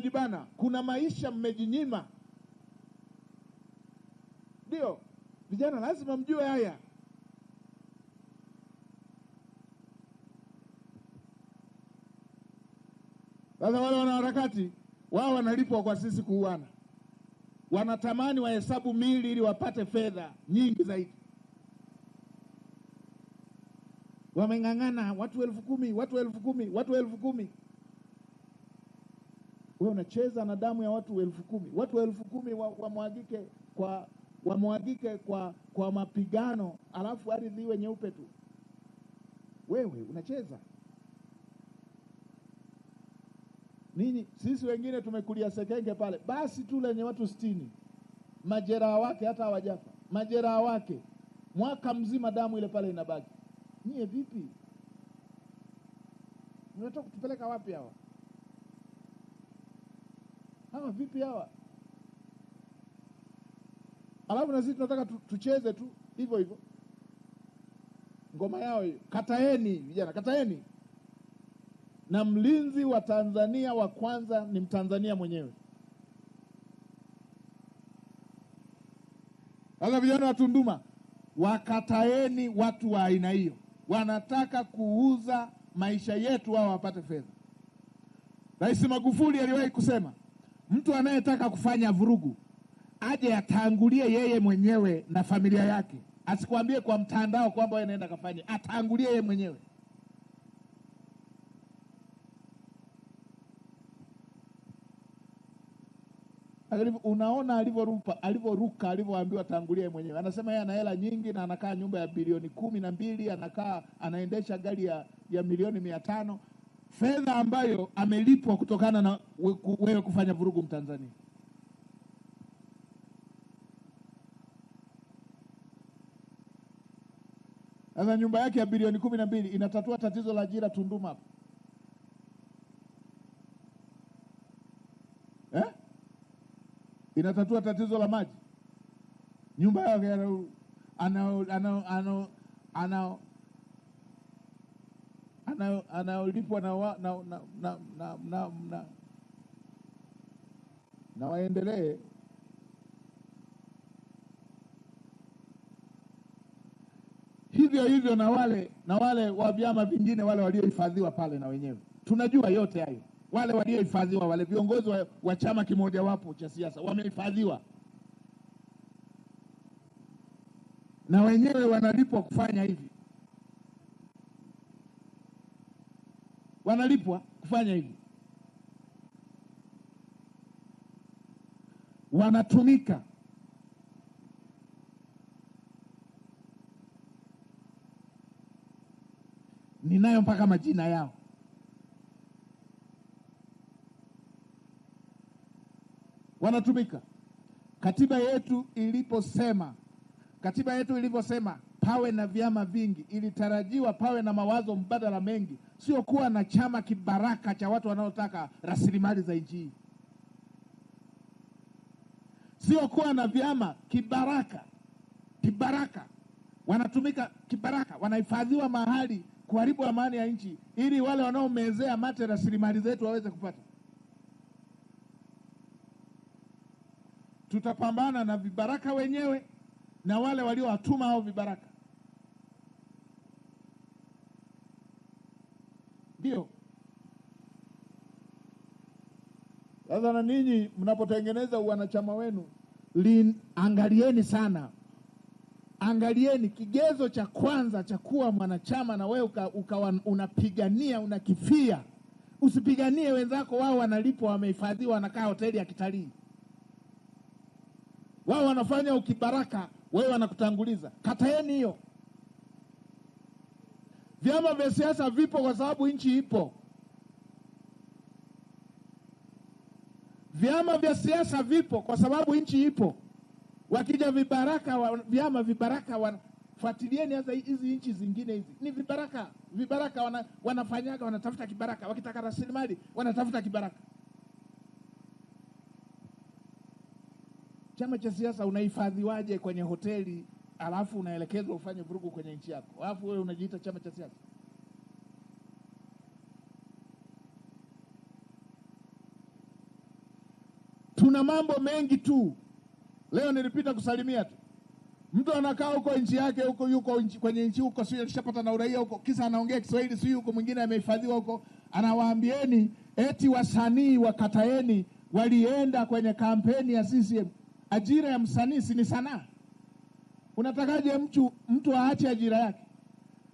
mnajibana, kuna maisha mmejinyima. Ndio vijana lazima mjue haya. Sasa wale wanaharakati wao wanalipwa kwa sisi kuuana, wanatamani wahesabu mili ili wapate fedha nyingi zaidi. Wameng'ang'ana watu elfu kumi, watu elfu kumi, watu elfu kumi wewe unacheza na damu ya watu elfu kumi watu elfu kumi wamwagike wa kwa wamwagike kwa kwa mapigano, alafu ardhi iwe nyeupe tu. Wewe unacheza nini? Sisi wengine tumekulia Sekenge pale, basi tu lenye watu sitini, majeraha wake hata hawajafa, majeraha wake mwaka mzima, damu ile pale inabaki. Nyie vipi? Mnataka kutupeleka wapi hawa? hawa vipi hawa? Alafu na sisi tunataka tu, tucheze tu hivyo hivyo ngoma yao hiyo. Kataeni vijana, kataeni. Na mlinzi wa Tanzania wa kwanza ni Mtanzania mwenyewe. Sasa vijana wa Tunduma, wakataeni watu wa aina hiyo, wanataka kuuza maisha yetu wao wapate fedha. Rais Magufuli aliwahi kusema Mtu anayetaka kufanya vurugu aje atangulie yeye mwenyewe na familia yake, asikwambie kwa mtandao kwamba wewe naenda kafanye, atangulie yeye mwenyewe. Unaona alivyoruka alivyoruka, alivyoambiwa tangulia yeye mwenyewe. Anasema yeye ana hela nyingi na anakaa nyumba ya bilioni kumi na mbili, anakaa anaendesha gari ya, ya milioni mia tano fedha ambayo amelipwa kutokana na wewe kufanya vurugu Mtanzania. Sasa nyumba yake ya bilioni kumi na mbili inatatua tatizo la ajira Tunduma hapo eh? Inatatua tatizo la maji nyumba yake anao anayolipwa na waendelee hivyo hivyo, na wale na wale wa vyama vingine, wale waliohifadhiwa pale, na wenyewe tunajua yote hayo. Wale waliohifadhiwa wale viongozi wa, wa chama kimojawapo cha siasa wamehifadhiwa na wenyewe wanalipwa kufanya hivi. wanalipwa kufanya hivyo, wanatumika. Ninayo mpaka majina yao. Wanatumika. Katiba yetu iliposema, katiba yetu iliposema pawe na vyama vingi, ilitarajiwa pawe na mawazo mbadala mengi, sio kuwa na chama kibaraka cha watu wanaotaka rasilimali za nchi hii, sio kuwa na vyama kibaraka kibaraka, wanatumika kibaraka, wanahifadhiwa mahali kuharibu amani ya nchi ili wale wanaomezea mate rasilimali zetu waweze kupata. Tutapambana na vibaraka wenyewe na wale waliowatuma hao vibaraka. ndio. Sasa na ninyi mnapotengeneza wanachama wenu lin, angalieni sana, angalieni kigezo cha kwanza cha kuwa mwanachama na wewe ukawa unapigania unakifia. Usipiganie wenzako, wao wanalipwa, wamehifadhiwa, wanakaa hoteli ya kitalii, wao wanafanya ukibaraka, wewe wanakutanguliza. Kataeni hiyo. Vyama vya siasa vipo kwa sababu nchi ipo. Vyama vya siasa vipo kwa sababu nchi ipo. Wakija vibaraka wa, vyama vibaraka wanafuatilieni hasa hizi nchi zingine, hizi ni vibaraka. Vibaraka wana, wanafanyaga wanatafuta kibaraka, wakitaka rasilimali wanatafuta kibaraka. Chama cha siasa unahifadhiwaje kwenye hoteli? alafu unaelekezwa ufanye vurugu kwenye nchi yako, alafu wewe unajiita chama cha siasa. Tuna mambo mengi tu. Leo nilipita kusalimia tu, mtu anakaa huko nchi yake huko, yuko nchi, kwenye nchi huko, sio alishapata na uraia huko, kisa anaongea Kiswahili, sio huko mwingine amehifadhiwa huko, anawaambieni eti wasanii wakataeni walienda kwenye kampeni ya CCM. Ajira ya msanii si ni sanaa? Unatakaje mtu mtu aache ajira yake?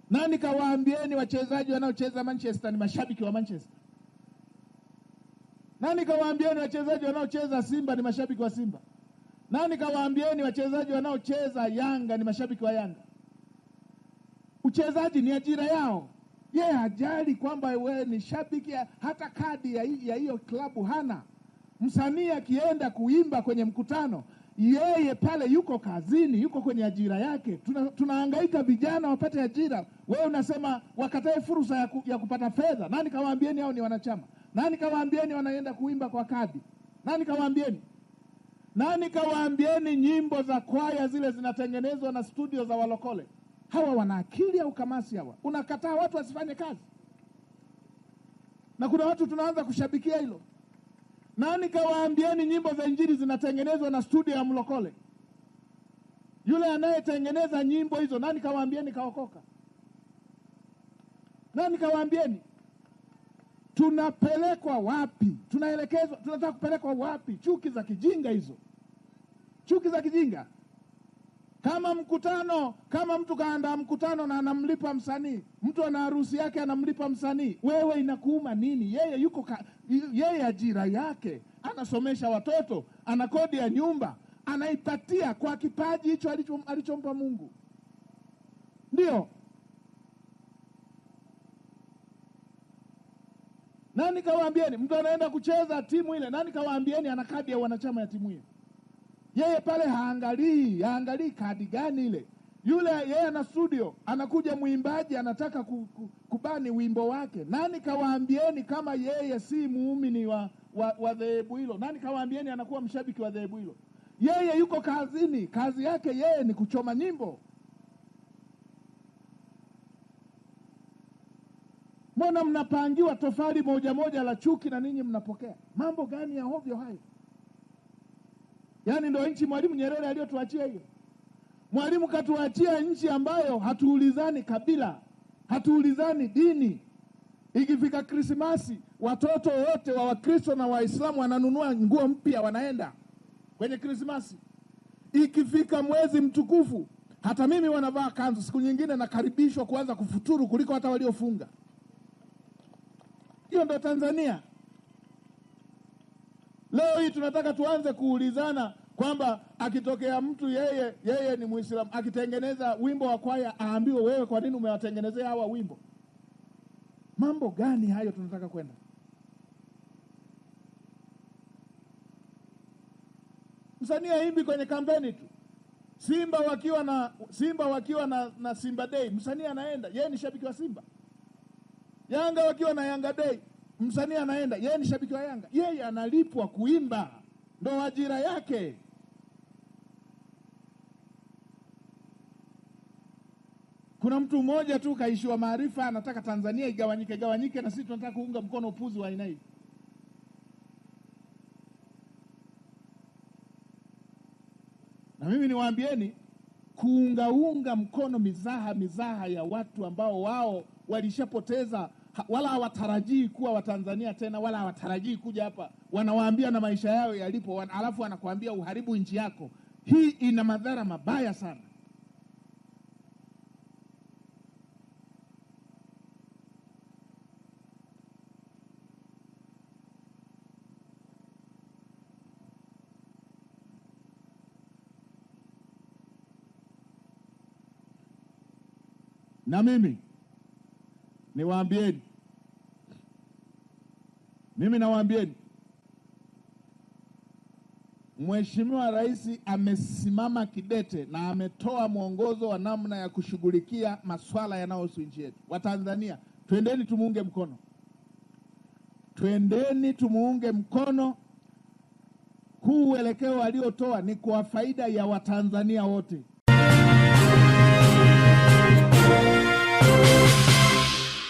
Nani kawaambieni wachezaji wanaocheza Manchester ni mashabiki wa Manchester? Nani kawaambieni wachezaji wanaocheza Simba ni mashabiki wa Simba? Nani kawaambieni wachezaji wanaocheza Yanga ni mashabiki wa Yanga? Uchezaji ni ajira yao. Yeye yeah, hajali kwamba we ni shabiki, hata kadi ya hiyo klabu hana. Msanii akienda kuimba kwenye mkutano yeye pale yuko kazini, yuko kwenye ajira yake. Tuna, tunahangaika vijana wapate ajira, wewe unasema wakatae fursa ya, ku, ya kupata fedha. Nani kawaambieni hao ni wanachama? Nani kawaambieni wanaenda kuimba kwa kadi? Nani kawaambieni? Nani kawaambieni nyimbo za kwaya zile zinatengenezwa na studio za walokole? Hawa wana akili au kamasi? Hawa unakataa watu wasifanye kazi, na kuna watu tunaanza kushabikia hilo nani kawaambieni nyimbo za Injili zinatengenezwa na studio ya Mlokole, yule anayetengeneza nyimbo hizo. nani kawaambieni kaokoka, nani kawaambieni tunapelekwa wapi, tunaelekezwa, tunataka kupelekwa wapi? Chuki za kijinga hizo, chuki za kijinga kama mkutano kama mtu kaandaa mkutano na anamlipa msanii, mtu ana harusi yake anamlipa msanii, wewe inakuuma nini? Yeye yuko ka, yeye ajira yake anasomesha watoto, ana kodi ya nyumba anaipatia kwa kipaji hicho alichompa Mungu. Ndio nani kawaambieni? Mtu anaenda kucheza timu ile, nani kawaambieni ana kadi ya wanachama ya timu hiyo? Yeye pale haangalii haangalii kadi gani ile yule, yeye ana studio, anakuja mwimbaji anataka ku, ku, kubani wimbo wake. Nani kawaambieni kama yeye si muumini wa wa, wa dhehebu hilo? Nani kawaambieni anakuwa mshabiki wa dhehebu hilo? Yeye yuko kazini, kazi yake yeye ni kuchoma nyimbo. Mbona mnapangiwa tofali moja moja la chuki na ninyi mnapokea? Mambo gani ya ovyo hayo? Yaani ndio nchi Mwalimu Nyerere aliyotuachia hiyo. Mwalimu katuachia nchi ambayo hatuulizani kabila, hatuulizani dini. Ikifika Krismasi, watoto wote wa Wakristo na Waislamu wananunua nguo mpya, wanaenda kwenye Krismasi. Ikifika mwezi mtukufu, hata mimi wanavaa kanzu, siku nyingine nakaribishwa kuanza kufuturu kuliko hata waliofunga. Hiyo ndo Tanzania. Leo hii tunataka tuanze kuulizana kwamba akitokea mtu yeye yeye ni Muislamu, akitengeneza wimbo wa kwaya aambiwe, wewe kwa nini umewatengenezea hawa wimbo? Mambo gani hayo tunataka kwenda? Msanii aimbi kwenye kampeni tu, Simba wakiwa na Simba wakiwa na, na Simba Day, msanii anaenda yeye ni shabiki wa Simba. Yanga wakiwa na Yanga Day Msanii anaenda, yeye ni shabiki wa Yanga, yeye analipwa kuimba, ndo ajira yake. Kuna mtu mmoja tu kaishiwa maarifa, anataka Tanzania igawanyike gawanyike, na sisi tunataka kuunga mkono upuzi wa aina hii. Na mimi niwaambieni, kuungaunga mkono mizaha mizaha ya watu ambao wao walishapoteza wala hawatarajii kuwa Watanzania tena, wala hawatarajii kuja hapa. Wanawaambia na maisha yao yalipo, alafu wanakuambia uharibu nchi yako. Hii ina madhara mabaya sana. na mimi niwaambieni, mimi nawaambieni, Mheshimiwa Rais amesimama kidete na ametoa mwongozo wa namna ya kushughulikia masuala yanayohusu nchi yetu. Watanzania, twendeni tumuunge mkono, twendeni tumuunge mkono. Huu uelekeo aliotoa ni kwa faida ya Watanzania wote.